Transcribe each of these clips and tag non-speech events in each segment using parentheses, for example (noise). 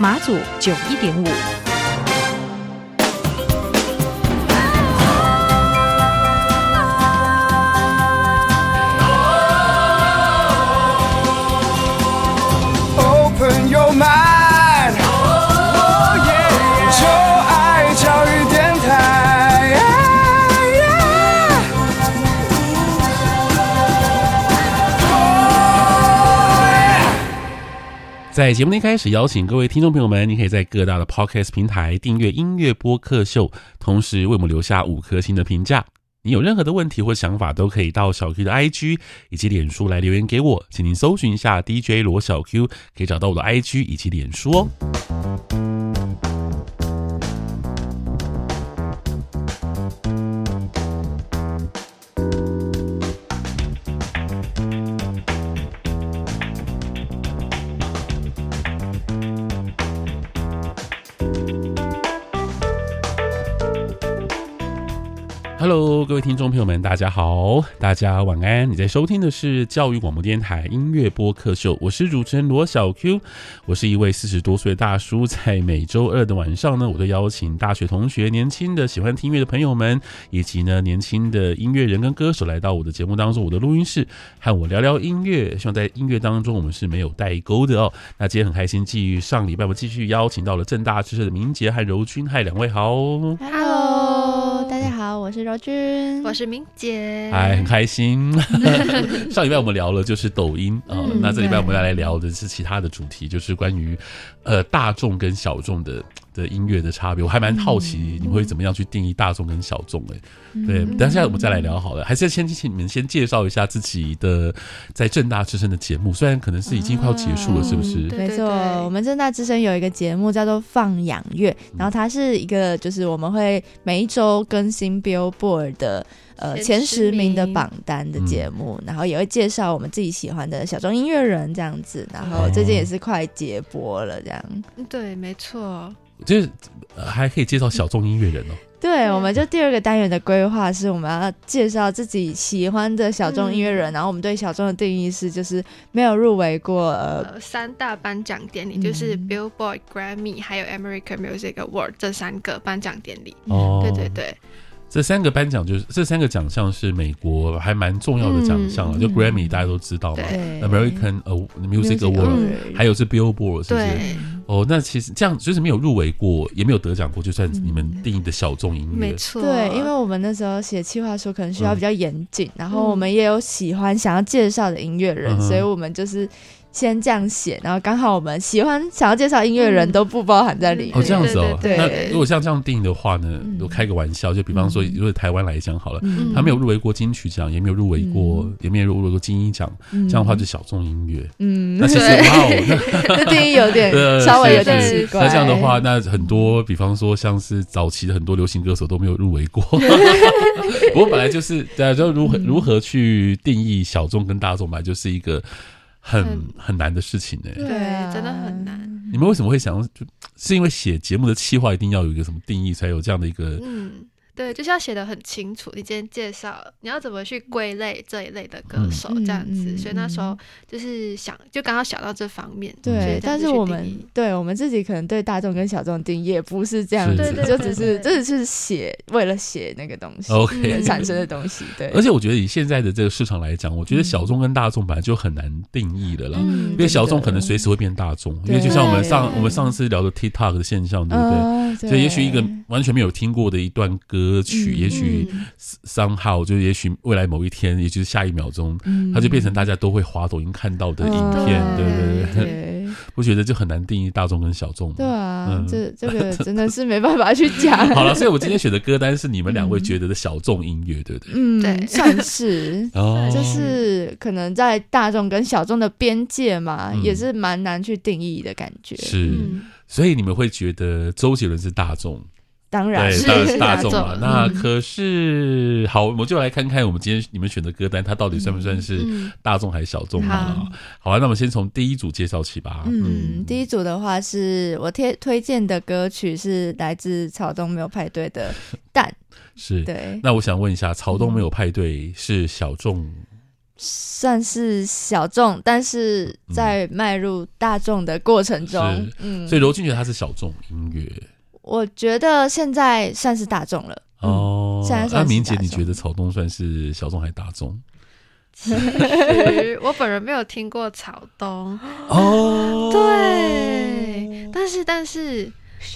馬祖九一點五。在節目的開始，邀請各位聽眾朋友們，你可以在各大的 podcast 平台訂閱音樂播客秀，同時為我們留下五顆星的評價。你有任何的問題或想法，都可以到小 Q 的 I G 以及臉書來留言給我。請您搜尋一下 DJ 羅小 Q，可以找到我的 I G 以及臉書哦。各位聽眾朋友們，大家好，大家晚安。你在收聽的是教育廣播電台音樂播客秀，我是主持人羅小 Q，我是一位四十多歲的大叔，在每周二的晚上呢，我都邀請大學同學、年輕的喜歡聽音樂的朋友們，以及呢年輕的音樂人跟歌手來到我的節目當中，我的錄音室和我聊聊音樂。希望在音樂當中，我們是沒有代溝的哦。那今天很開心，繼續上禮拜，我們繼續邀請到了政大之聲的明潔和柔均，還有兩位好，Hello。我是柔均，我是明潔，哎，很開心。 (laughs) (laughs) 上禮拜我們聊了就是抖音啊、嗯呃，那這禮拜我們要來聊的是其他的主題，對就是關於呃大眾跟小眾的的音樂的差別，我還蠻好奇你們會怎麼樣去定義大眾跟小眾哎，欸，嗯，對，嗯，等一下我們再來聊好了，嗯，還是先請你們先介紹一下自己的在政大之聲的節目，雖然可能是已經快要結束了，嗯，是不是？嗯、沒錯，我們政大之聲有一個節目叫做放養月《放養樂》，然後它是一個就是我們會每一周更新 Billboard 的呃前十名的榜單的節目，嗯，然後也會介紹我們自己喜歡的小眾音樂人這樣子，然後最近也是快結播了這樣，嗯，對，沒錯。就是、呃、還可以介紹小眾音樂人哦。 (laughs) 對，我們就第二個單元的規劃是，我們要介紹自己喜歡的小眾音樂人。嗯、然後我們對小眾的定義是，就是沒有入圍過、呃、三大頒獎典禮，嗯、就是 Billboard、Grammy，還有 American Music Award 這三個頒獎典禮。哦、嗯，對對對。哦這三個頒獎就是這三個獎項是美國還蠻重要的獎項了，嗯、就 Grammy 大家都知道嘛對，American Music Award，嗯、還有是 Billboard 是不是？哦對，oh, 那其實這樣就是沒有入圍過，也沒有得獎過，就算你們定義的小眾音樂，嗯、沒錯。對，因為我們那時候寫企劃書可能需要比較嚴謹，嗯、然後我們也有喜歡想要介紹的音樂人，嗯、所以我們就是。先這樣寫，然後剛好我們喜歡想要介紹音樂的人都不包含在裡面。哦，這樣子哦。那如果像這樣定的話呢，我開個玩笑，就比方說，如果台灣來講好了，他沒有入圍過金曲獎，也沒有入圍過，也沒有入圍過金音獎。這樣的話，就小眾音樂。嗯，那其實哇哦，那定義有點稍微有點奇怪。那這樣的話，那很多，比方說像是早期的很多流行歌手都沒有入圍過。我本來就是，大家就如何如何去定義小眾跟大眾嘛，就是一個。很很難的事情呢、欸，對，真的很難。你們為什麼會想就？是因為寫節目的企劃一定要有一個什麼定義，才有這樣的一個？嗯對，就是要寫得很清楚。你今天介紹，你要怎麼去歸類這一類的歌手這樣子，所以那時候就是想，就剛好想到這方面。對，但是我們對我們自己可能對大眾跟小眾的定義也不是這樣子，就只是這只是寫為了寫那個東西，產生的東西。對，而且我覺得以現在的這個市場來講，我覺得小眾跟大眾本來就很難定義了啦，因為小眾可能隨時會變大眾，因為就像我們上我們上次聊的 TikTok 的現象，對不對？所以也許一個完全沒有聽過的一段歌。歌曲、嗯嗯、也許商號，就也許未來某一天，也就是下一秒鐘，嗯、它就變成大家都會滑抖音看到的影片，哦、對不對？對，我覺得就很難定義大眾跟小眾。對啊，嗯、這這個真的是沒辦法去講。 (laughs) 好了，所以我今天選的歌單是，是你們兩位覺得的小眾音樂，對不對？嗯，算是， (laughs) 就是可能在大眾跟小眾的邊界嘛，嗯、也是蠻難去定義的感覺。是，所以你們會覺得周杰倫是大眾。當然是大眾啊，那可是好，我就來看看我們今天你們選的歌單，它到底算不算是大眾還是小眾的？好啊，那我們先從第一組介紹起吧。嗯，第一組的話是我推推薦的歌曲是來自草東沒有派對的《但》，是對。那我想問一下，草東沒有派對是小眾？算是小眾，但是在邁入大眾的過程中，嗯，所以柔均覺得它是小眾音樂。我覺得現在算是大眾了、嗯、哦。那、啊、明姐，你覺得草東算是小眾還是大眾？其實我本人沒有聽過草東哦， (laughs) 對，但是但是，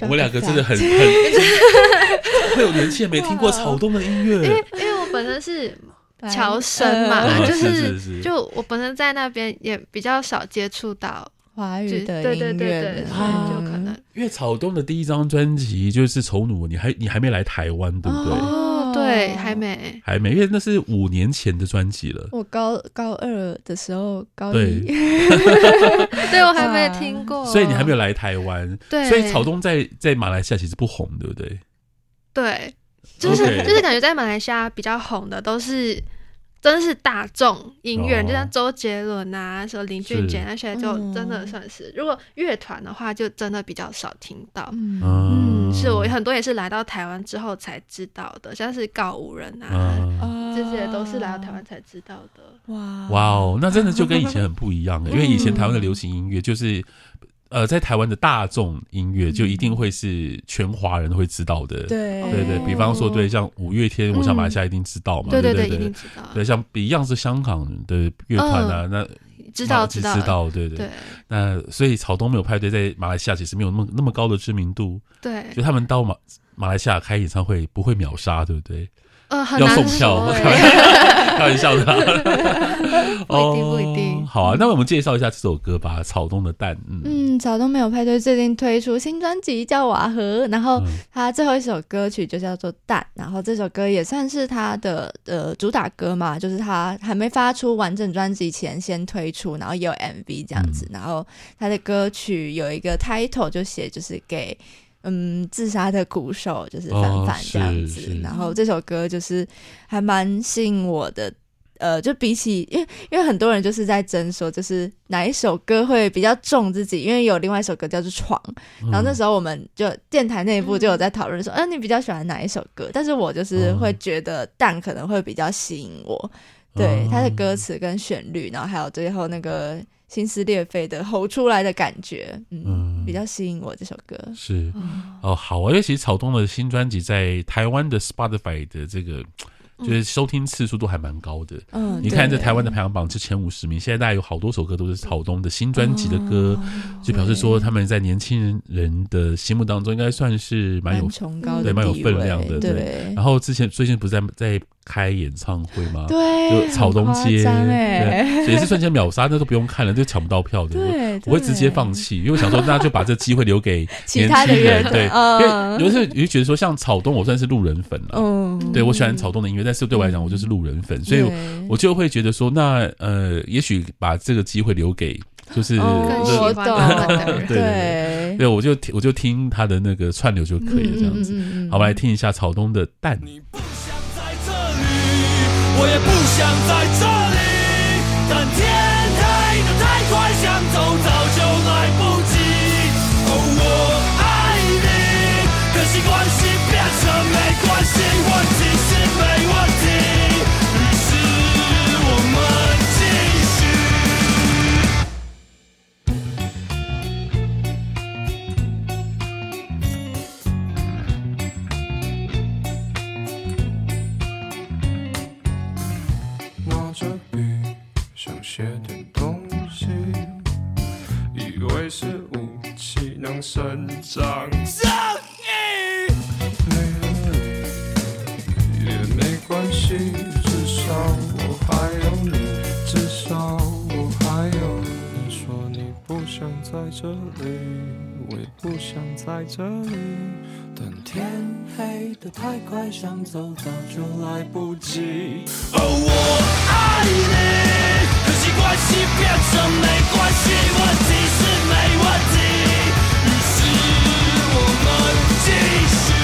我兩個真的很很 (laughs) 會有年紀，沒聽過草東的音樂，因為因為我本身是僑生嘛，蛋就是，是，是，是就我本身在那邊也比較少接觸到。華語的音樂，對對對，有可能。因為草東的第一張專輯就是《醜奴》，你還你還沒來台灣，對不對？哦，對，還沒，還沒，因為那是五年前的專輯了。我高高二的時候，高一，對我還沒聽過，所以你還沒有來台灣。對，所以草東在在馬來西亞其實不紅，對不對？對，就是就是感覺在馬來西亞比較紅的都是。真是大眾音樂，哦、就像周杰倫啊，說林俊傑那些，是就真的算是。嗯、如果樂團的話，就真的比較少聽到。嗯，嗯是我很多也是來到台灣之後才知道的，像是告五人啊，嗯、啊這些都是來到台灣才知道的。哇，哇哦，那真的就跟以前很不一樣， (laughs) 因為以前台灣的流行音樂就是。呃，在台灣的大眾音樂就一定會是全華人都會知道的，嗯、對對對。比方說對，對像五月天，我想馬來西亞一定知道嘛，嗯、對對對，對對對一定知道。對像 Beyond 是香港的樂團啊、哦、那知道知道。對對對，嗯、那所以草東沒有派對在馬來西亞其實沒有那麼那麼高的知名度，對。就他們到馬馬來西亞開演唱會不會秒殺，對不對？呃、很難要送票，開玩笑的，不一定，不一定。哦、好啊，那我們介紹一下這首歌吧，《草東的蛋》嗯。嗯，草東沒有派對最近推出新專輯叫《瓦合》，然後他最後一首歌曲就叫做《蛋》，嗯、然後這首歌也算是他的呃主打歌嘛，就是他還沒發出完整專輯前先推出，然後也有 MV 這樣子，嗯、然後他的歌曲有一個 title 就寫就是給。嗯，自殺的鼓手就是凡凡這樣子，哦、然後這首歌就是還蠻吸引我的。呃，就比起因為因為很多人就是在爭說，就是哪一首歌會比較重自己，因為有另外一首歌叫做《床》，然後那時候我們就電台內部就有在討論說，嗯、呃，你比較喜歡哪一首歌？但是我就是會覺得但可能會比較吸引我，嗯、對他的歌詞跟旋律，然後還有最後那個。撕心裂肺的吼出來的感覺，嗯，嗯比較吸引我這首歌。是哦？哦，好啊，因為其實草東的新專輯在台灣的 Spotify 的這個，就是收聽次數都還蠻高的。嗯，你看在台灣的排行榜是前五十名，嗯、現在大家有好多首歌都是草東的新專輯的歌，嗯、就表示說他們在年輕人的心目當中應該算是蠻有蠻崇高的，蠻有分量的。嗯、對。對然後之前最近不是在在。開演唱會嗎？對，草東街，也是瞬間秒殺，那都不用看了，就搶不到票的，我會直接放棄，因為我想說那就把這機會留給年輕人，對，因為有時候也覺得說，像草東，我算是路人粉了，對，我喜歡草東的音樂，但是對我來講，我就是路人粉，所以，我就會覺得說，那呃，也許把這個機會留給就是對對對，對我就我就聽他的那個串流就可以了，這樣子，好，我來聽一下草東的但。我也不想在這裡，但天黑的太快，想走早就來不及。Oh, 我愛你，可惜關係變成沒關係。我。至少我還有你，至少我還有你。你說你不想在這裡，我也不想在這裡。但天黑的太快，想走早就來不及。哦，oh, 我愛你，可惜關係變成沒關係，問題是沒問題，於是我們繼續。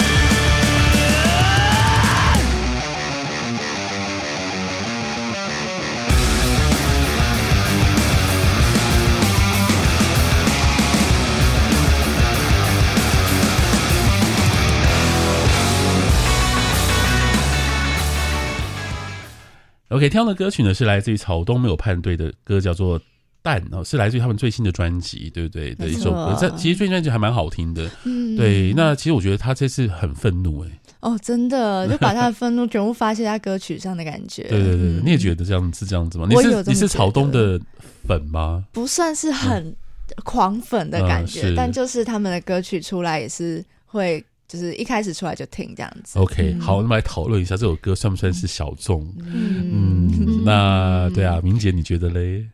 OK，挑的歌曲呢是來自於草東沒有派對的歌，叫做《但》哦，是來自於他們最新的專輯，對不對，對？錯的一首歌，這其實最近專輯還蠻好聽的。嗯，對。那其實我覺得他這次很憤怒、欸，誒。哦，真的，就把他的憤怒全部發洩在歌曲上的感覺。 (laughs) 對對對，嗯、你也覺得這樣子這樣子嗎？你是有你是草東的粉嗎？不算是很狂粉的感覺，嗯啊、但就是他們的歌曲出來也是會。就是一開始出來就聽這樣子。OK，好，我們來討論一下這首歌算不算是小眾？嗯，那對啊，明潔你覺得嘞？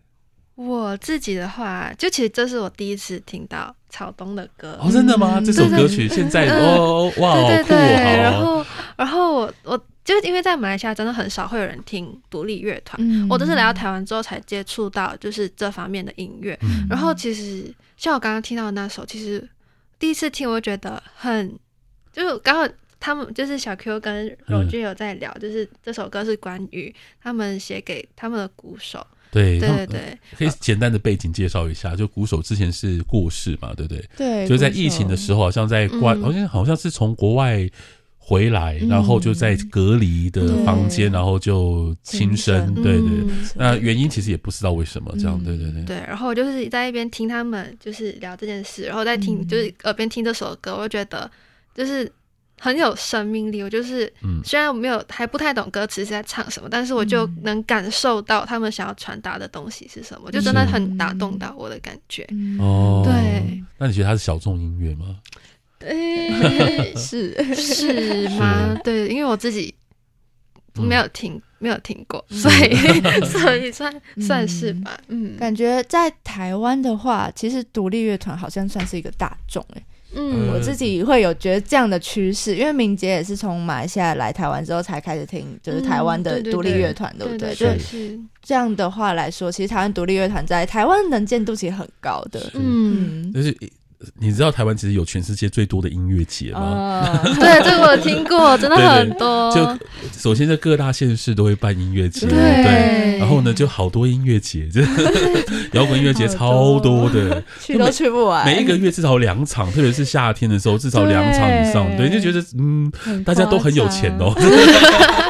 我自己的話，就其實這是我第一次聽到草東的歌。真的嗎？這首歌曲現在都忘了。對對對然後，然後我我就是因為在馬來西亞真的很少會有人聽獨立樂團，我都是來到台灣之後才接觸到就是這方面的音樂。然後其實像我剛剛聽到那首，其實第一次聽我就覺得很。就剛好他們就是小 Q 跟榮俊有在聊，就是這首歌是關於他們寫給他們的鼓手。對對對，可以簡單的背景介紹一下，就鼓手之前是過世嘛，對不對？對，就在疫情的時候，好像在國，好像好像是從國外回來，然後就在隔離的房間，然後就輕生。對對，那原因其實也不知道為什麼這樣。對對對，對。然後我就是在一邊聽他們就是聊這件事，然後在聽就是耳邊聽這首歌，我就覺得。就是很有生命力，我就是雖然我沒有還不太懂歌詞是在唱什麼，嗯、但是我就能感受到他們想要傳達的東西是什麼，是就真的很打動到我的感覺。嗯、對哦，對，那你覺得它是小眾音樂嗎？哎對， (laughs) 是是嗎？是對，因為我自己沒有聽過。嗯沒有聽過，所以 (laughs) 所以算、嗯、算是吧。嗯，感覺在台灣的話，其實獨立樂團好像算是一個大眾、欸、嗯，我自己會有覺得這樣的趨勢，因為明潔也是從馬來西亞來台灣之後才開始聽，就是台灣的獨立樂團、嗯，對不對？就是這樣的話來說，其實台灣獨立樂團在台灣能見度其實很高的。是嗯，就是。你知道台灣其實有全世界最多的音樂節嗎？哦、對，這個我聽過，真的很多。就首先在各大縣市都會辦音樂節，對。然後呢，就好多音樂節，搖滾音樂節超多的，去都去不完。每一個月至少兩場，特別是夏天的時候，至少兩場以上。對，你就覺得嗯，大家都很有錢哦、喔。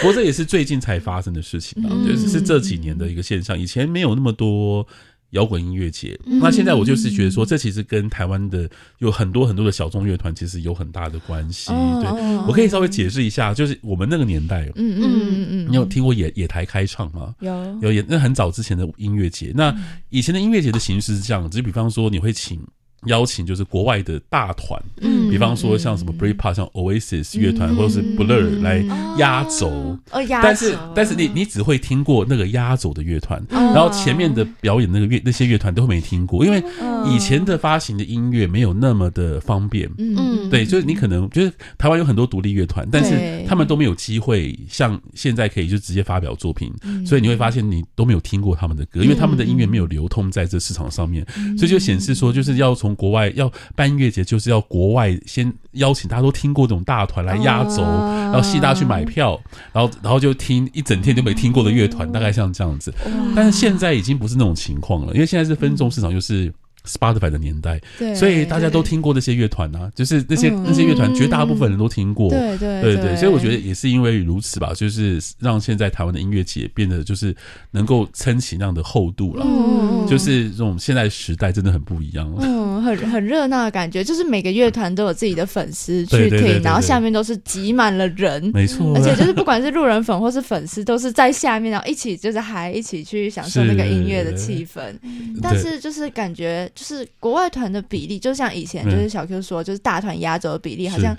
不過這也是最近才發生的事情吧，就是這幾年的一個現象，以前沒有那麼多。搖滾音樂節，嗯、那現在我就是覺得說，這其實跟台灣的有很多很多的小眾樂團其實有很大的關係。哦、對、哦、我可以稍微解釋一下，嗯、就是我們那個年代，嗯嗯嗯嗯，嗯嗯嗯你有聽過野野台開唱嗎？有有野那很早之前的音樂節，那以前的音樂節的形式是這樣，只、嗯、就比方說你會請。邀請就是國外的大團，嗯，比方說像什麼 Braveheart、像 Oasis 樂團，或者是 Blur 來壓軸，呃，壓軸。但是但是你你只會聽過那個壓軸的樂團，然後前面的表演那個樂那些樂團都沒聽過，因為以前的發行的音樂沒有那麼的方便，嗯，對，就是你可能就是台灣有很多獨立樂團，但是他們都沒有機會像現在可以就直接發表作品，所以你會發現你都沒有聽過他們的歌，因為他們的音樂沒有流通在這市場上面，所以就顯示說就是要從。國外要辦音樂節，就是要國外先邀請，大家都聽過這種大團來壓軸，然後吸大家去買票，然後然後就聽一整天就沒聽過的樂團，大概像這樣子。但是現在已經不是那種情況了，因為現在是分眾市場，就是。Spotify 的年代，對所以大家都聽過那些樂團啊，就是那些、嗯、那些樂團，絕大部分人都聽過。對對對,對對對，所以我覺得也是因為如此吧，就是讓現在台灣的音樂界變得就是能夠撐起那樣的厚度了，嗯、就是這種現在時代真的很不一樣了、嗯，很很熱鬧的感覺，就是每個樂團都有自己的粉絲去聽，對對對對對然後下面都是擠滿了人，沒錯、啊，而且就是不管是路人粉或是粉絲，都是在下面，然後一起就是還一起去享受那個音樂的氣氛，是但是就是感覺。就是國外團的比例，就像以前，就是小 Q 說，嗯、就是大團壓軸的比例好像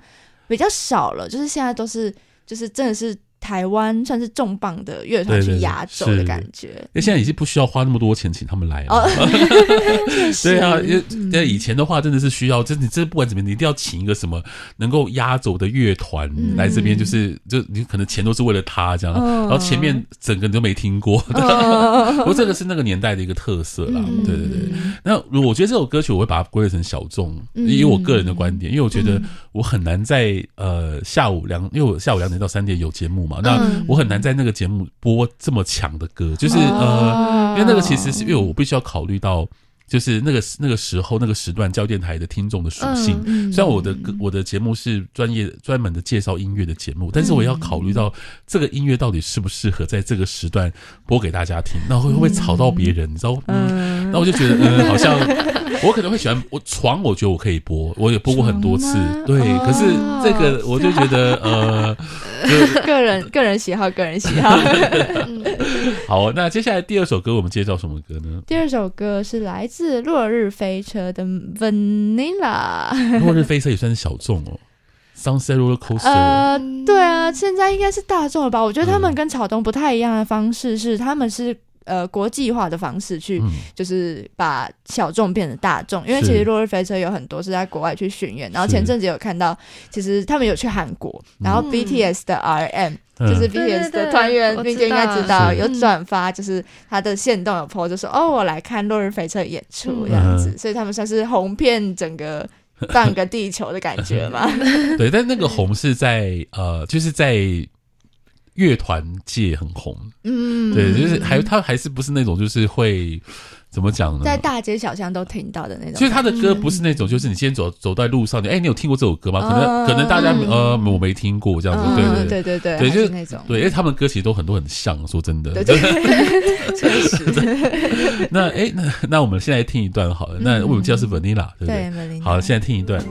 比較少了。是，就是現在都是，就是真的是台灣算是重磅的樂團去壓軸的感覺。那、欸、現在已經不需要花那麼多錢請他們來了。哦、 (laughs) 對啊，是因為以前的話真的是需要，就你這不管怎麼樣，你一定要請一個什麼能夠壓軸的樂團來這邊、嗯就是，就是就你可能錢都是為了他這樣，哦、然後前面整個你都沒聽過、哦、 (laughs) 不過這個是那個年代的一個特色啦。嗯、對對對。那我覺得這首歌曲我會把它歸類成小眾，以我個人的觀點，因為我覺得我很難在呃下午兩，因為我下午兩點到三點有節目嘛，那我很難在那個節目播這麼強的歌，就是呃，因為那個其實是因為我必須要考慮到，就是那個那個時候那個時段教育電台的聽眾的屬性。雖然我的我的節目是專業專門的介紹音樂的節目，但是我也要考慮到這個音樂到底適不適合在這個時段播給大家聽，那會不會吵到別人，你知道、嗯？ (laughs) 那我就覺得，嗯，好像我可能會喜歡我床，我覺得我可以播，我也播過很多次，嗎對。哦、可是這個，我就覺得， (laughs) 呃，個人 (laughs) 個人喜好，個人喜好。 (laughs) (laughs) 好，那接下來第二首歌，我們介紹什麼歌呢？第二首歌是來自《落日飛車》的 Vanilla，《落日飛車》也算是小眾哦， (laughs) 《Sunset Rollercoaster》呃，對啊，現在應該是大眾了吧？我覺得他們跟草東不太一樣的方式是，他們是。呃，國際化的方式去，就是把小眾變成大眾。因為其實《落日飛車》有很多是在國外去巡演。然後前陣子有看到，其實他們有去韓國，然後 BTS 的 RM 就是 BTS 的團員，應該知道有轉發，就是他的限動有 po 就說哦，我來看《落日飛車》演出這樣子。所以他們算是紅遍整個半個地球的感覺嘛？對，但那個紅是在呃，就是在。樂團界很紅，嗯，對，就是還他還是不是那種就是會怎麼講呢？在大街小巷都聽到的那種。其實他的歌不是那種，就是你先走走在路上，哎，你有聽過這首歌嗎？可能可能大家呃，我沒聽過這樣子，對對對對對對，就是那種對。因為，他們歌其實都很多很像，說真的，對對，真是的。那哎，那那我們現在聽一段好了。那我們介紹是 Vanilla，對對，好，現在聽一段。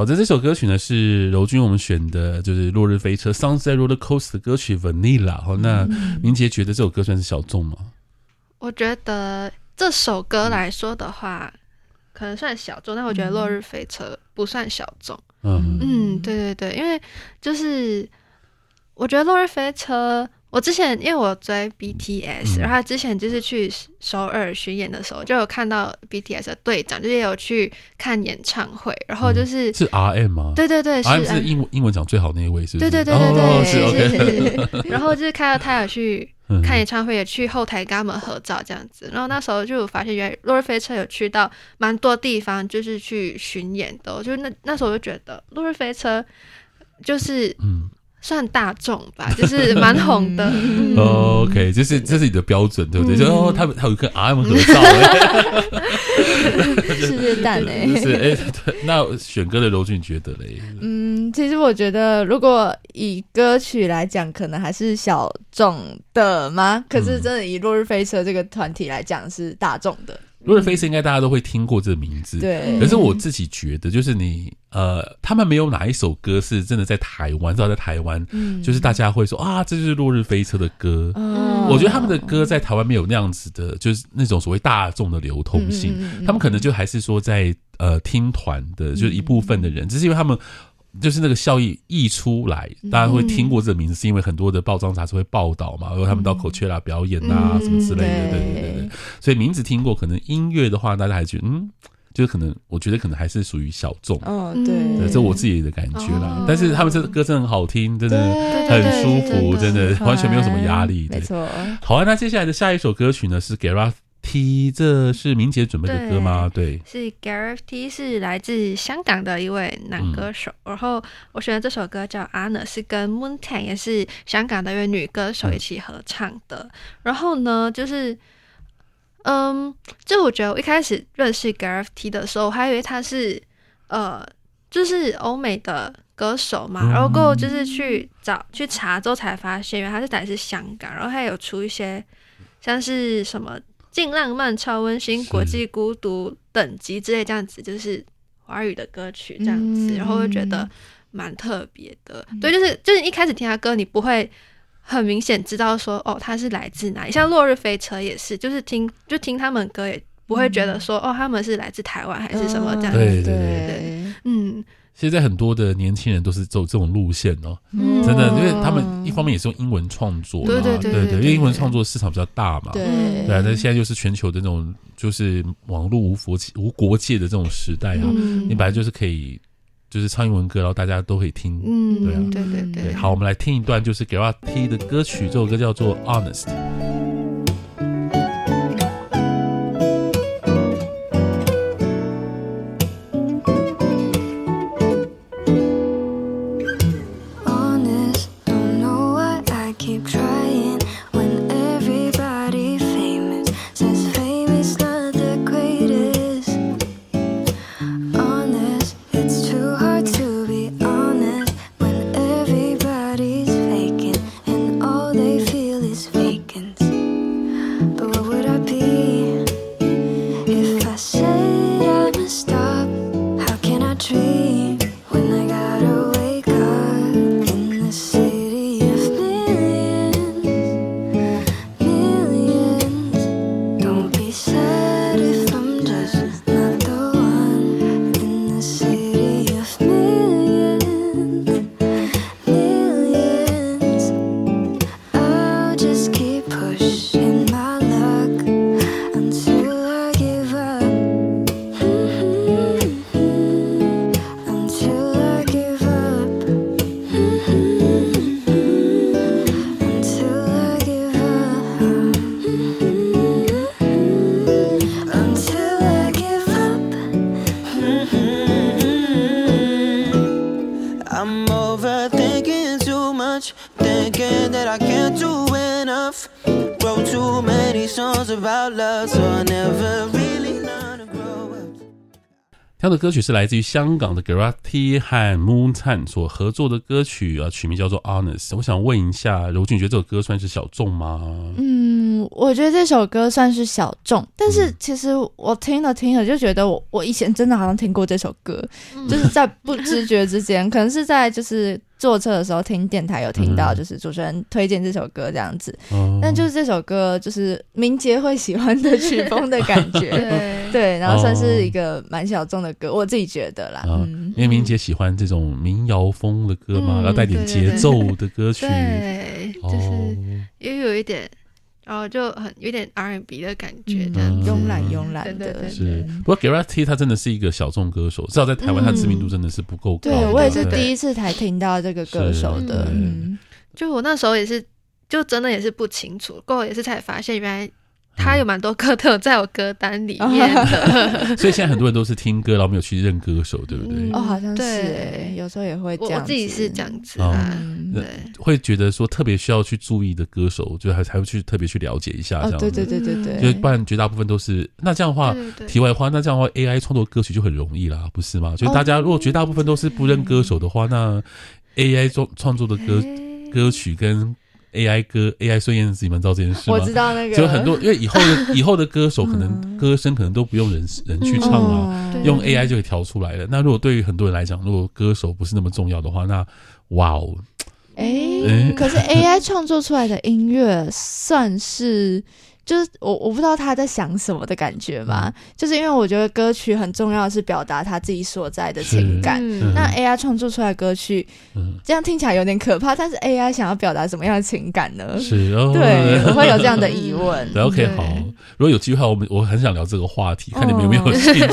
好的，這首歌曲呢是柔均我們選的，就是《落日飛車》Sunset Rollercoaster 的歌曲《Vanilla》，好。那明潔、嗯、覺得這首歌算是小眾嗎？我覺得這首歌來說的話，嗯、可能算小眾。但我覺得《落日飛車》不算小眾。嗯嗯，對對對，因為就是我覺得《落日飛車》。我之前因為我追 BTS，然後之前就是去首爾巡演的時候，就有看到 BTS 的隊長，就是有去看演唱會，然後就是是 RM 嗎？對對對是，是英文英文講最好那一位，是。對對對對對，然後就是看到他有去看演唱會，也去後台跟他們合照這樣子，然後那時候就發現原來《落日飛車》有去到蠻多地方，就是去巡演的，就那那時候我就覺得《落日飛車》就是嗯。算大眾吧，就是蠻紅的。 (laughs) 嗯哦、OK，就是這是你的標準對不對？嗯就。哦，他們他有一個 RM 合照哎，嗯、 (laughs) 是蛋哎、欸，就是哎、欸。那選歌的柔均覺得嘞？嗯，其實我覺得，如果以歌曲來講，可能還是小眾的嗎？可是真的以落日飛車這個團體來講，是大眾的。落、嗯、日飛車應該大家都會聽過這個名字，對。可是我自己覺得，就是你。呃，他們沒有哪一首歌是真的在台灣，知道在台灣，嗯、就是大家會說啊，這就是《落日飛車》的歌。哦、我覺得他們的歌在台灣沒有那樣子的，就是那種所謂大眾的流通性。嗯嗯、他們可能就還是說在呃聽團的，就是一部分的人，嗯、只是因為他們就是那個效益溢出來，嗯、大家會聽過這個名字，是因為很多的報章雜誌會報道嘛，然後他們到口雀啦、啊、表演啊、嗯、什麼之類的，對對，對對對。所以名字聽過，可能音樂的話，大家還覺得嗯。就可能，我覺得可能還是屬於小眾，嗯，對，這我自己的感覺啦。但是他們這歌聲很好聽，真的很舒服，真的完全沒有什麼壓力。沒錯。好，那接下來的下一首歌曲呢是 Gareth T，這是明姐準備的歌嗎？對，是 Gareth T，是來自香港的一位男歌手。然後我選的這首歌叫《阿 n n a 是跟 Moon Tang 也是香港的一位女歌手一起合唱的。然後呢，就是。嗯，um, 就我覺得我一開始認識 gareth.t 的時候，我還以為他是呃，就是歐美的歌手嘛。嗯、然後過後就是去找去查之後才發現，原來他是來自香港。然後他有出一些像是什麼《勁浪漫》《超溫馨》《國際孤獨等級》之類這樣子，是就是華語的歌曲這樣子。嗯、然後就覺得蠻特別的。嗯、對，就是就是一開始聽他歌，你不會。很明顯知道說哦，他是來自哪裡？像《落日飛車》也是，就是聽就聽他們歌也不會覺得說、嗯、哦，他們是來自台灣還是什麼這樣子、啊。對對對對，對，對，嗯。現在很多的年輕人都是走這種路線哦，哇真的，因為他們一方面也是用英文創作嘛，對對對，因為英文創作市場比較大嘛。對。對、啊，那現在就是全球的那種，就是網絡無國無國界的這種時代啊，嗯、你本來就是可以。就是唱英文歌，然後大家都可以聽。嗯，對啊，對對對。好，我們來聽一段，就是 gareth.t 聽的歌曲。這首、個、歌叫做《Honest》。 (music) 的歌曲是來自於香港的 gareth.t 和 Moon Tang 所合作的歌曲啊，取名叫做 Honest。我想問一下柔均，你覺得這首歌算是小眾嗎？嗯，我覺得這首歌算是小眾，但是其實我聽了聽了就覺得我，我我以前真的好像聽過這首歌，嗯、就是在不知覺之間， (laughs) 可能是在就是坐車的時候聽電台有聽到，嗯、就是主持人推薦這首歌這樣子。嗯、但就是這首歌就是明潔會喜歡的曲風的感覺。 (laughs) 對對，然後算是一個蠻小眾的歌，我自己覺得啦。嗯，因為明潔喜歡這種民謠風的歌嘛，然後帶點節奏的歌曲，對，就是又有一點，然後就很有點 R&B 的感覺，這樣慵懶慵懶的。是，不過 gareth.t 他真的是一個小眾歌手，至少在台灣他知名度真的是不夠高。對，我也是第一次才聽到這個歌手的。就我那時候也是，就真的也是不清楚，過後也是才發現原來。嗯、他有蠻多歌，都有在我歌單裡面的。所以現在很多人都是聽歌，然後沒有去認歌手，對不對？哦，好像是、欸，對。有時候也會這樣子。我自己是這樣子。哦、嗯。對，會覺得說特別需要去注意的歌手，就還還會去特別去了解一下，這樣子、哦。對對對對對、對。就不然，絕大部分都是。那這樣的話，對對對，題外的話，那這樣的話，AI 創作歌曲就很容易啦，不是嗎？就大家如果絕大部分都是不認歌手的話，哦、那 AI 創創作的歌、欸、歌曲跟。AI 歌，AI 孫燕姿，你們知道這件事嗎？我知道那個，就很多，因為以後的以後的歌手可能歌聲可能都不用人人去唱了，嗯嗯嗯嗯、用 AI 就會調出來了。對對對，那如果對於很多人來講，如果歌手不是那麼重要的話，那哇哦，哎、欸，欸、可是 AI 創作出來的音樂算是？就是我我不知道他在想什麼的感覺吧，嗯、就是因為我覺得歌曲很重要是表達他自己所在的情感。嗯、那 AI 創作出來歌曲，嗯、這樣聽起來有點可怕。但是 AI 想要表達什麼樣的情感呢？是，哦，對，我、哦、會有這樣的疑問。嗯、OK，好，如果有機會，我們我很想聊這個話題，對看你們有沒有興趣。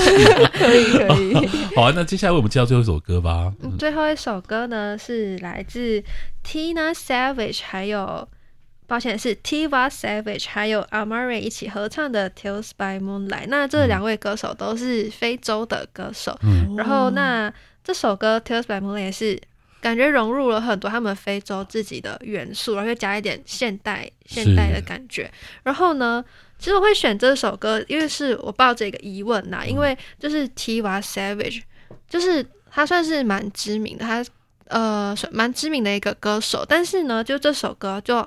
可以、哦、 (laughs) 可以。可以 (laughs) 好，好、啊，那接下來為我們介紹最後一首歌吧。最後一首歌呢是來自 Tiwa Savage，還有。抱歉，是 Tiwa Savage 還有 Amaarae 一起合唱的 light、嗯《Tales by Moonlight》。那這兩位歌手都是非洲的歌手，嗯、然後那這首歌《Tales by Moonlight》是感覺融入了很多他們非洲自己的元素，然後加一點現代現代的感覺。的然後呢，其實我會選這首歌，因為是我抱着一個疑問啦，嗯、因為就是 Tiwa Savage，就是他算是蠻知名的，他呃蠻知名的一個歌手，但是呢，就這首歌就。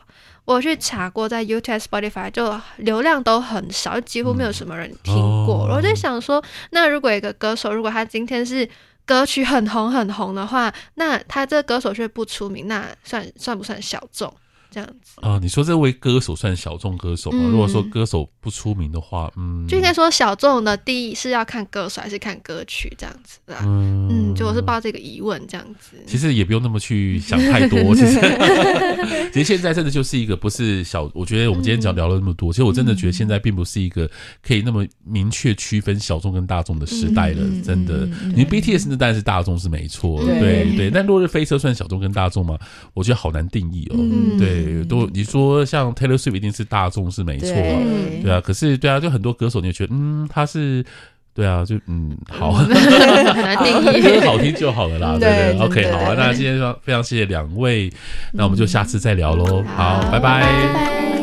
我去查過，在 UTS Spotify 就流量都很少，幾乎沒有什麼人聽過。嗯 oh. 我就想說，那如果一個歌手，如果他今天是歌曲很紅很紅的話，那他這個歌手卻不出名，那算算不算小眾？這樣子啊？你說這位歌手算小眾歌手嗎？如果說歌手不出名的話，嗯，就應該說小眾的定義是要看歌手還是看歌曲這樣子啊？嗯，就我是抱這個疑問這樣子。其實也不用那麼去想太多，其實，其實現在真的就是一個不是小。我覺得我們今天講聊了那麼多，其實我真的覺得現在並不是一個可以那麼明確區分小眾跟大眾的時代了。真的，你 BTS 那當然是大眾是沒錯，對對。但落日飛車算小眾跟大眾嗎？我覺得好難定義哦。對。嗯、都你說像 Taylor Swift 一定是大眾是沒錯，啊，對，對啊，可是對啊，就很多歌手你也覺得嗯他是，對啊就嗯好，你覺得好聽就好了啦， (laughs) 對對，OK 好啊，那今天說非常謝謝兩位，嗯、那我們就下次再聊嘍，好，好拜拜。拜拜。